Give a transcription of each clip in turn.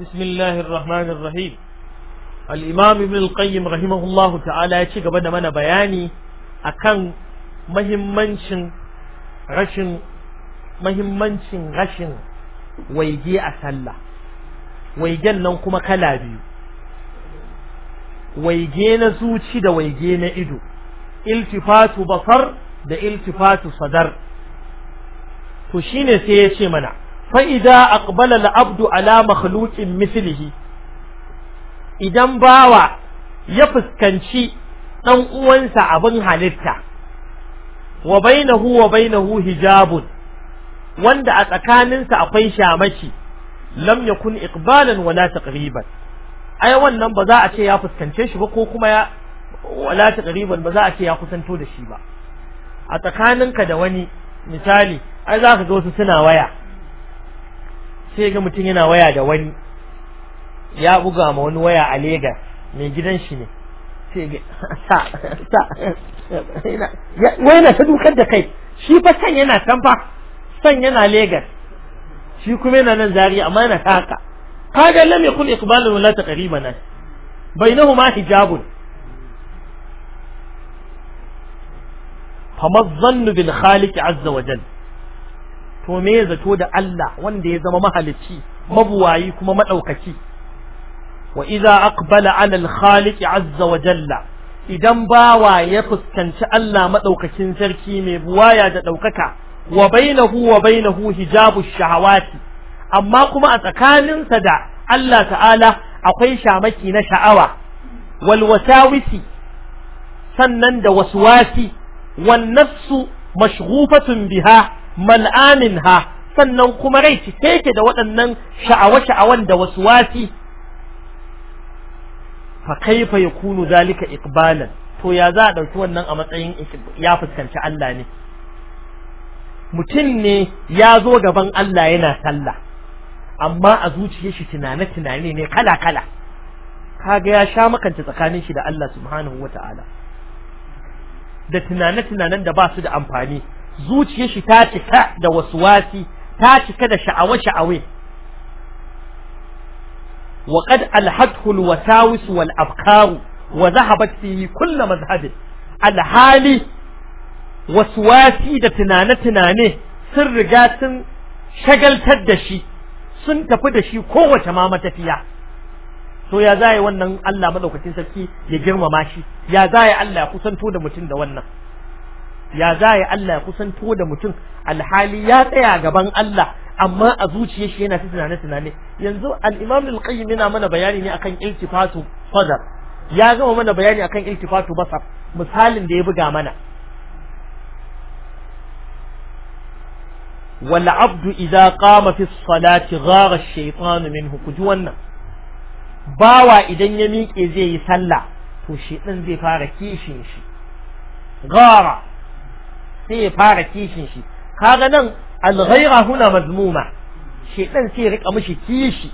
بسم الله الرحمن الرحيم الإمام ابن القيم رحمه الله تعالى يشيك بنا منا بياني أكان مهمنشن رشن مهمنشن رشن ويجي أسلا ويجن ننكم كلابي ويجي نزوشي دا ويجي نئدو التفات بصر da iltifatu sadar to shine sai ya ce mana fa'ida idza aqbala abdu ala makhluqin mislihi idan bawa ya fuskanci ɗan uwansa abin halitta wa bainahu wa bainahu hijabun wanda a tsakaninsa akwai shamaki lam yakun iqbalan wala taqriban ai wannan ba za a ce ya fuskance shi ba ko kuma ya wala taqriban ba za a ce ya kusanto da shi ba a tsakaninka da wani misali ai za ka ga wasu suna waya sai ga mutum yana waya da wani ya buga ma wani waya a Legas mai gidan shi ne sai ga sa sa wai na ta dukar da kai shi fa san yana tamfa fa san yana Legas shi kuma yana nan zari amma yana ta haka kaga lam yakun iqbalun wala taqriban bainahuma hijabun فما الظن بالخالق عز وجل to me zato da Allah wanda ya zama mahalicci mabuwayi kuma madaukaki wa idza aqbala ala al-khaliq azza wa jalla idan bawa ya fuskanci Allah madaukakin sarki mai buwaya da ɗaukaka, wa bainahu wa bainahu hijabu shahawati amma kuma a tsakaninsa da Allah ta'ala akwai shamaki na sha'awa wal wasawisi sannan da waswasi wan nafsu mashghufatun biha mal'amin ha sannan kuma rai cike yake da waɗannan sha'awa-sha'awan da wasu wasi fa kaifa kunu zalika iqbalan to ya za a ɗauki wannan a matsayin ya fuskanci Allah ne mutum ne ya zo gaban Allah yana sallah amma a zuciyar shi tunane-tunane ne kala-kala kaga ya sha makanta tsakanin shi da Allah subhanahu wata'ala da tunane-tunanen da ba su da amfani zuciyar shi ta cika da waswasi ta cika da sha'awa shaawa wa qad alhathu alwasawis wal afkaru wa dhahabat fihi kull mazhabin alhali waswasi da tunane tunane sun riga sun shagaltar da shi sun tafi da shi kowace ma matafiya So ya zai wannan Allah madaukakin sarki ya girmama shi ya zai Allah ya kusanto da mutum da wannan ya za Allah ya kusanto da mutum alhali ya tsaya gaban Allah amma a zuciyar shi yana ta tunane tunane yanzu al-Imam al-Qayyim yana mana bayani ne akan iltifatu sadar ya gama mana bayani akan iltifatu basar misalin da ya buga mana wal abdu idza qama fi salati ghara ash-shaytan minhu wannan bawa idan ya miƙe zai yi sallah to shedan zai fara kishin shi ghara sai ya fara kishin shi kaga nan alghaira huna mazmuma shedan sai ya rika mishi kishi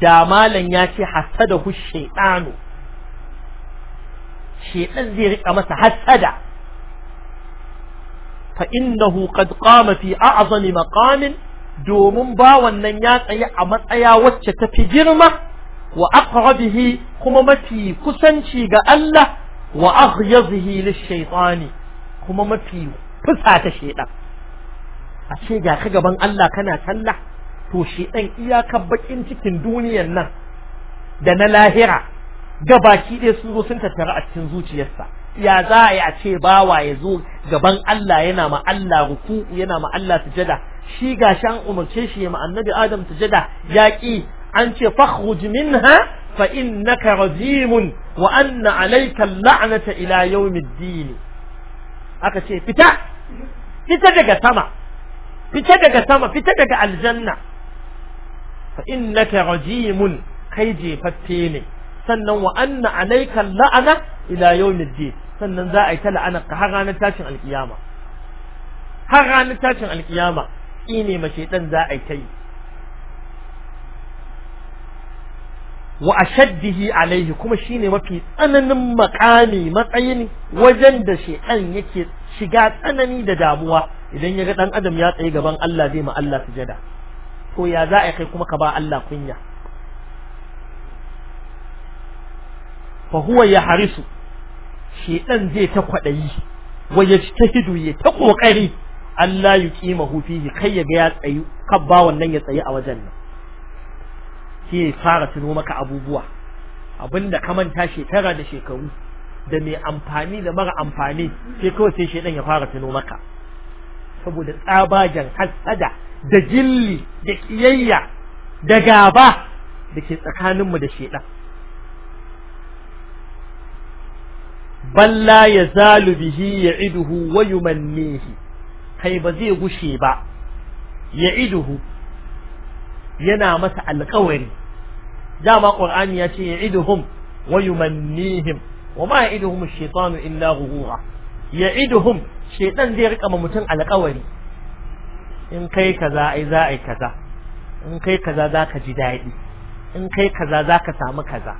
da malan ya ce hasada hu shedanu zai rika masa hasada fa innahu qad qama fi a'zami maqamin domin ba wannan ya tsaye a matsaya wacce ta fi girma wa aqrabihi kuma mafi kusanci ga Allah wa aghyazihi lish-shaytani kuma mafi fusa ta shedan a ce ga ka gaban Allah kana sallah to shedan iyakar bakin cikin duniyar nan da na lahira ga baki ɗaya sun zo sun tattara a cikin zuciyarsa ya za a yi a ce bawa ya zo gaban Allah yana ma Allah ruku yana ma Allah sujada shi gashi an umarce shi ya ma annabi Adam sujada ya ki an ce fakhruj minha fa innaka rajimun wa anna alayka la'nata ila yawmiddin aka ce fita fita daga sama fita daga sama fita daga aljanna fa innaka rajimun kai jefaffe ne sannan wa anna alayka la'ana ila yawmiddin sannan za a yi ta la'ana ka har ranar tashin alkiyama har ranar tashin alkiyama ne mace ɗan za a yi ta yi wa ashaddihi alaihi kuma shine mafi tsananin makami matsayin wajen da shedan yake shiga tsanani da damuwa idan ya ga dan adam ya tsaye gaban Allah zai ma Allah sujada to ya za a kai kuma ka ba Allah kunya fa huwa ya harisu shedan zai ta kwadayi wa yajtahidu ya ta kokari Allah yuqimahu fihi kai ya ga ya tsayu kabba wannan ya tsayi a wajen nan ke ya fara tuno maka abubuwa abinda ka manta shekara da shekaru da mai amfani da mara amfani sai kawai sai shedan ya fara tuno maka saboda tsabagen hasada da jilli da kiyayya da gaba da ke tsakaninmu da shedan balla ya zalu bihi ya iduhu wa yumannihi kai ba zai gushe ba ya iduhu yana masa alkawari dama qur'ani ya ce ya'iduhum wa yumannihim wa ma ya'iduhum ash-shaytanu illa ghurura ya'iduhum shaytan zai rika ma mutum alƙawari in kai kaza ai za ai kaza in kai kaza za ka ji daɗi in kai kaza za ka samu kaza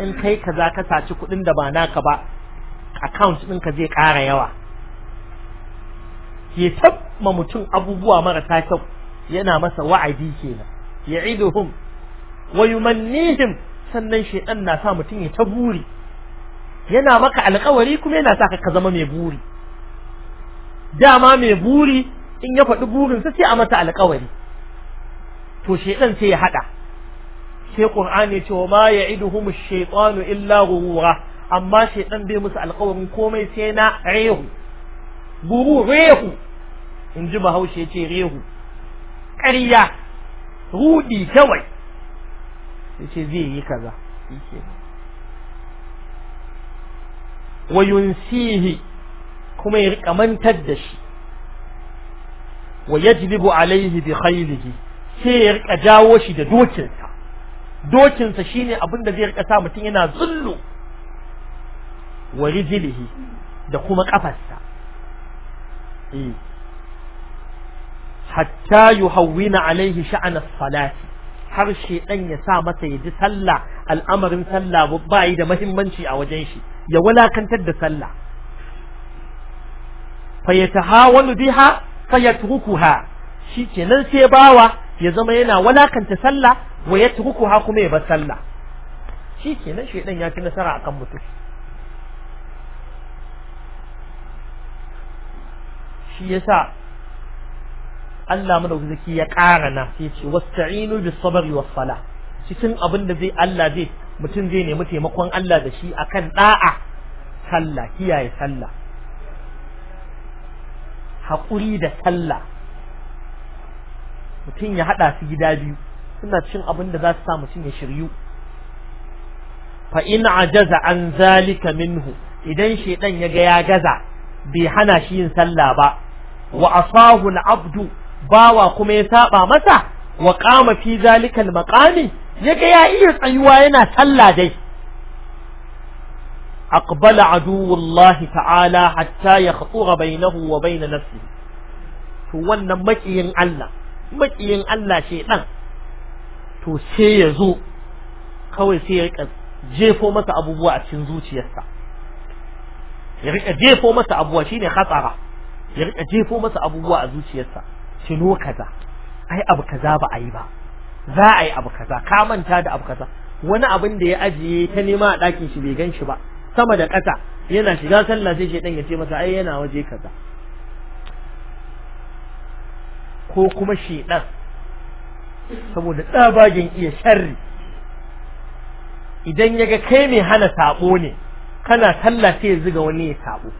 in kai kaza ka saci kuɗin da ba naka ba account ɗinka zai ƙara yawa ya tabma mutum abubuwa marasa kyau yana masa wa'adi kenan ya'iduhum Wai yumannihim sannan shaytan na sa mutum ya ta buri yana maka alƙawari kuma yana sa ka zama mai buri dama mai buri in ya faɗi burin sai a masa alƙawari to shaytan sai ya hada sai qur'ani ce wa ma ya'iduhum ash-shaytanu illa ghurura amma shaytan bai musu alƙawarin komai sai na rehu buru rehu in ji bahaushe ce rehu ƙarya rudi kawai yace zai yi kaza yake wa yunsihi kuma ya rika mantar da shi wa yajlibu alaihi bi khaylihi sai ya rika jawo shi da dokinsa dokinsa shine abin da zai rika sa mutum yana zullu wa rijlihi da kuma kafarsa eh. hatta yuhawwina alaihi sha'an as har shedan ya sa masa ya ji sallah al'amarin sallah ba yi da muhimmanci a wajen shi ya walakantar da sallah fa yatahawalu biha fa shikenan sai bawa ya zama yana walakanta sallah wa yatrukuha kuma ya bar sallah shikenan shedan ya ci nasara akan mutum shi yasa Allah madaukaki ya ƙara na sai ce wasta'inu bis sabri was sala cikin abin da zai Allah zai mutum zai nemi taimakon Allah da shi akan da'a sallah kiyaye sallah Hakuri da sallah mutum ya haɗa su gida biyu suna cin abin da za su sa mutum ya shiryu fa in ajaza an zalika minhu idan shedan ya ga ya gaza bai hana shi yin sallah ba wa asahu al-abdu bawa kuma ya saba masa wa qama fi zalikal maqami yaga ya iya tsayuwa yana talla dai أقبل عدو الله تعالى حتى يخطر بينه وبين نفسه to wannan makiyin Allah makiyin Allah shedan to sai ya zo kawai sai ya rika jefo masa abubuwa a cikin zuciyarsa ya rika jefo masa abubuwa shine khatsara ya rika jefo masa abubuwa a zuciyarsa Cino kaza ai abu kaza ba a yi ba za a yi abu kaza ka manta da abu kaza wani abin da ya ajiye ta nema a ɗakin shi bai gan shi ba sama da ƙasa yana shiga sallah sai shaidan ya ce masa ai yana waje kaza ko kuma ɗan. saboda tsabagen iya sharri idan yaga kai mai hana sabo ne kana sallah sai ya zuga wani ya sabo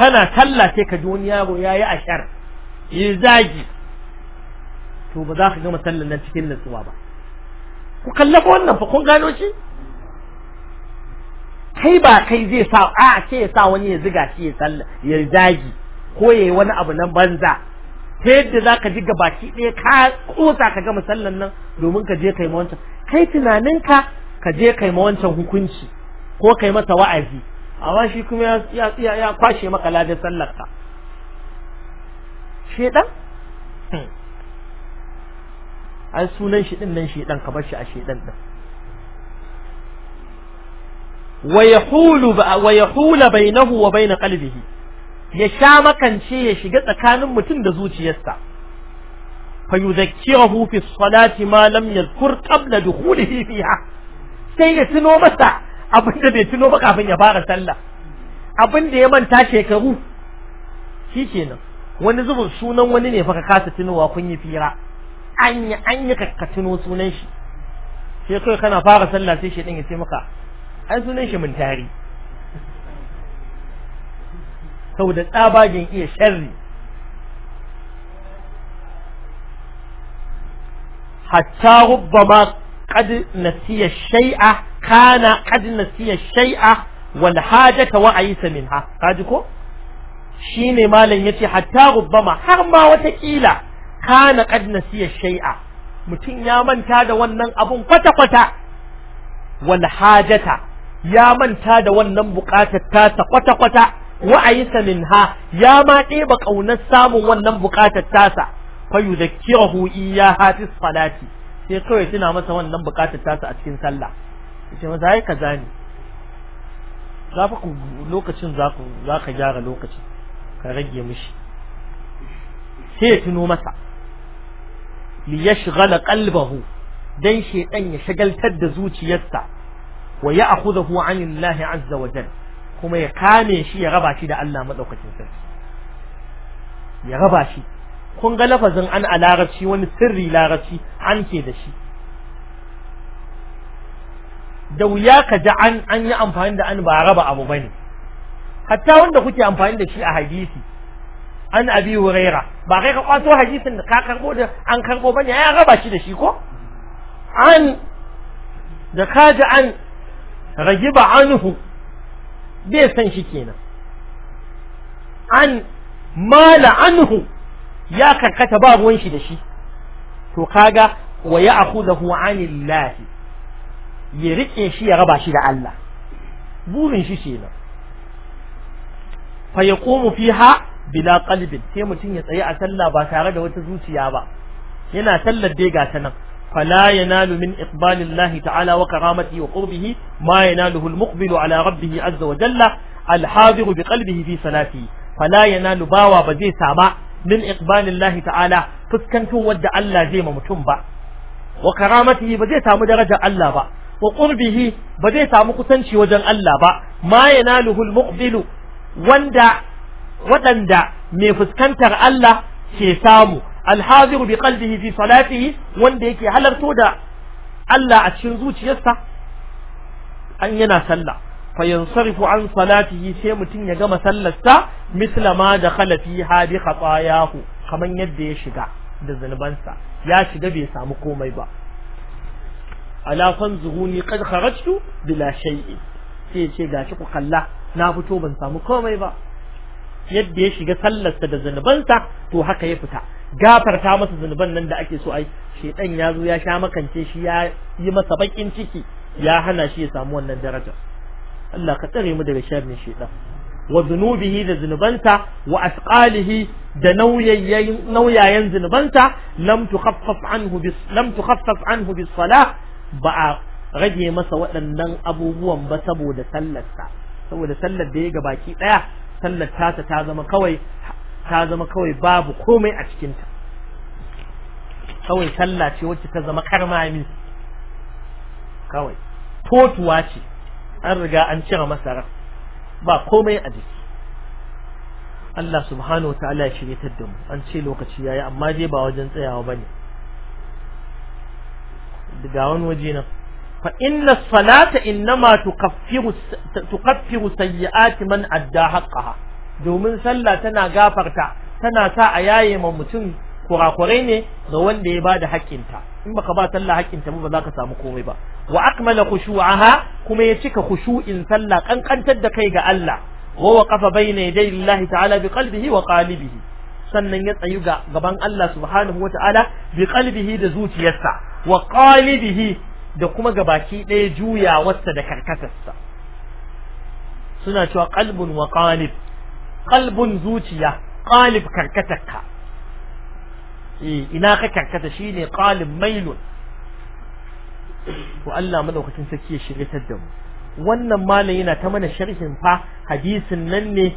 kana kalla sai ka ji wani yaro yi ashar yi zagi to ba za ka gama sallar nan cikin nutsuwa ba ku kallafa wannan fa kun gano shi kai ba kai zai sa a ce ya sa wani ya ziga shi ya sallar ya zagi ko ya yi wani abu na banza ta yadda za ka ji gabaki ɗaya ka kosa ka gama sallar nan domin ka je kai ma wancan kai tunaninka ka je kai ma wancan hukunci ko kai masa wa'azi amma shi kuma ya ya ya kwashe maka ladan sallar ka shedan hmm. ai sunan shi din nan shedan ka bar shi a shedan din wa yahulu wa yahula bainahu wa bain qalbihi ya sha makance ya shiga tsakanin mutum da zuciyarsa fa yudhakkiruhu fi salati ma lam yadhkur qabla dukhulihi fiha sai ya tuno masa abin da bai tuno ba kafin ya fara sallah abin da ya manta shekaru shi kenan wani zubin sunan wani ne fa ka kasa tunowa kun yi fira an yi an ka tuno sunan shi sai kai kana fara sallah sai shi din ya ce maka ai sunan shi mun tari saboda tsabagen iya sharri hatta ma kad nasiya shay'a kana qad nasiya shay'a wal hajata wa aysa minha kaji ko shine malam yace hatta rubbama har ma wata kila kana qad nasiya shay'a mutum ya manta da wannan abun kwata kwata wal hajata ya manta da wannan buƙatar tasa kwata kwata wa aysa minha ya ma ɗeba kaunar samun wannan buƙatar tasa fa ya iyaha fi salati sai kawai tana masa wannan buƙatar tasa a cikin sallah yace maza kaza ne za ku lokacin za ku za ka gyara lokacin ka rage mishi sai ya tuno masa li yashghala qalbahu dan shedan ya shagaltar da zuciyarsa wa ya'khudhu Allah 'azza wa jalla kuma ya kame shi ya raba shi da Allah madaukakin sarki ya raba shi kun ga lafazin an a larabci wani sirri larabci an ke da shi da wuya ka ji an an yi amfani da an ba raba abu bane hatta wanda kuke amfani da shi a hadisi an abi huraira ba kai ka kwato hadisin da ka karbo da an karbo bane ya raba shi da shi ko an da ka ji an ragiba anhu bai san shi kenan an mala anhu ya karkata ba ruwan shi da shi to kaga wa ya'khudhu anillahi ya rike shi ya raba shi da Allah burin shi kenan fa yaqumu fiha bila qalbin sai mutum ya tsaye a sallah ba tare da wata zuciya ba yana sallar dai ga ta nan fala yanalu min iqbalillahi ta'ala wa karamati wa qurbihi ma yanaluhu almuqbilu ala rabbihi azza wa jalla alhadir bi qalbihi fi salati fala yanalu bawa ba zai sama min iqbalillahi ta'ala fuskantun wadda Allah zai ma mutum ba wa karamatihi ba zai samu darajar Allah ba wa qurbihi ba zai samu kusanci wajen Allah ba ma yana al-muqbilu wanda waɗanda mai fuskantar Allah ke samu alhaziru bi qalbihi fi salatihi wanda yake halarto da Allah a cikin zuciyarsa an yana sallah fa yansarifu an salatihi sai mutun ya gama sallarsa misla ma dakhala fiha bi khatayahu kaman yadda ya shiga da zanubansa ya shiga bai samu komai ba ala fanzuhuni qad kharajtu bila shay'in sai ce gashi ku kalla na fito ban samu komai ba yadda ya shiga sallarsa da zanubansa to haka ya fita gafarta masa zanuban nan da ake so ai shedan ya zo ya sha makance shi ya yi masa bakin ciki ya hana shi ya samu wannan daraja Allah ka tsare mu daga sharrin shedan wa zunubihi da zunubansa wa asqalihi da nauyayen nauyayen zunubansa lam tukhaffaf anhu bis lam tukhaffaf anhu bis salah ba a rage masa waɗannan abubuwan ba saboda sallarsa saboda sallar da ya ga baki ɗaya sallar ta ta zama kawai ta zama kawai babu komai a cikinta kawai sallah ce wacce ta zama karmami kawai totuwa ce an riga an cire ran ba komai a jiki Allah subhanahu wa ta'ala ya shirye ta mu an ce lokaci yayi amma je ba wajen tsayawa bane daga wani waje nan fa inna salata innama tukaffiru tukaffiru sayyi'ati man adda haqqaha domin sallah tana gafarta tana sa a yaye ma mutum kurakurai ne ga wanda ya bada haƙƙinta in baka ba sallah haƙƙinta ba za ka samu komai ba wa akmala khushu'aha kuma ya cika khushu'in sallah kankantar da kai ga Allah wa waqafa bayna yaday Allah ta'ala bi qalbihi wa qalibihi sannan ya tsayu ga gaban Allah subhanahu wata'ala bi qalbihi da zuciyarsa wa qalibihi da kuma gabaki ɗaya juyawarsa da karkatarsa suna cewa qalbun wa qalib qalbun zuciya qalib karkatarka eh, ina ka karkata shine qalib mailun to Allah madaukakin sarki ya shiryatar da mu wannan malam yana ta mana sharhin fa hadisin nan ne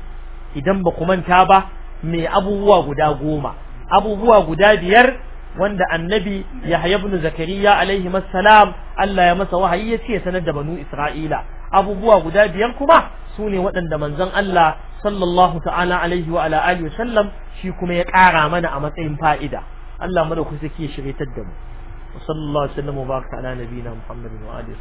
idan ba ku manta ba mai abubuwa guda goma abubuwa guda biyar wanda annabi Yahya ibn Zakariya alaihi salam Allah ya masa wahayi ya ce sanar da banu Isra'ila abubuwa guda biyar kuma su ne waɗanda manzon Allah sallallahu ta'ala wa ala alihi sallam shi kuma ya ƙara mana a matsayin fa'ida Allah madaukaki ya shirye da mu sallallahu alaihi wa sallam wa baraka ala nabiyina Muhammadin wa alihi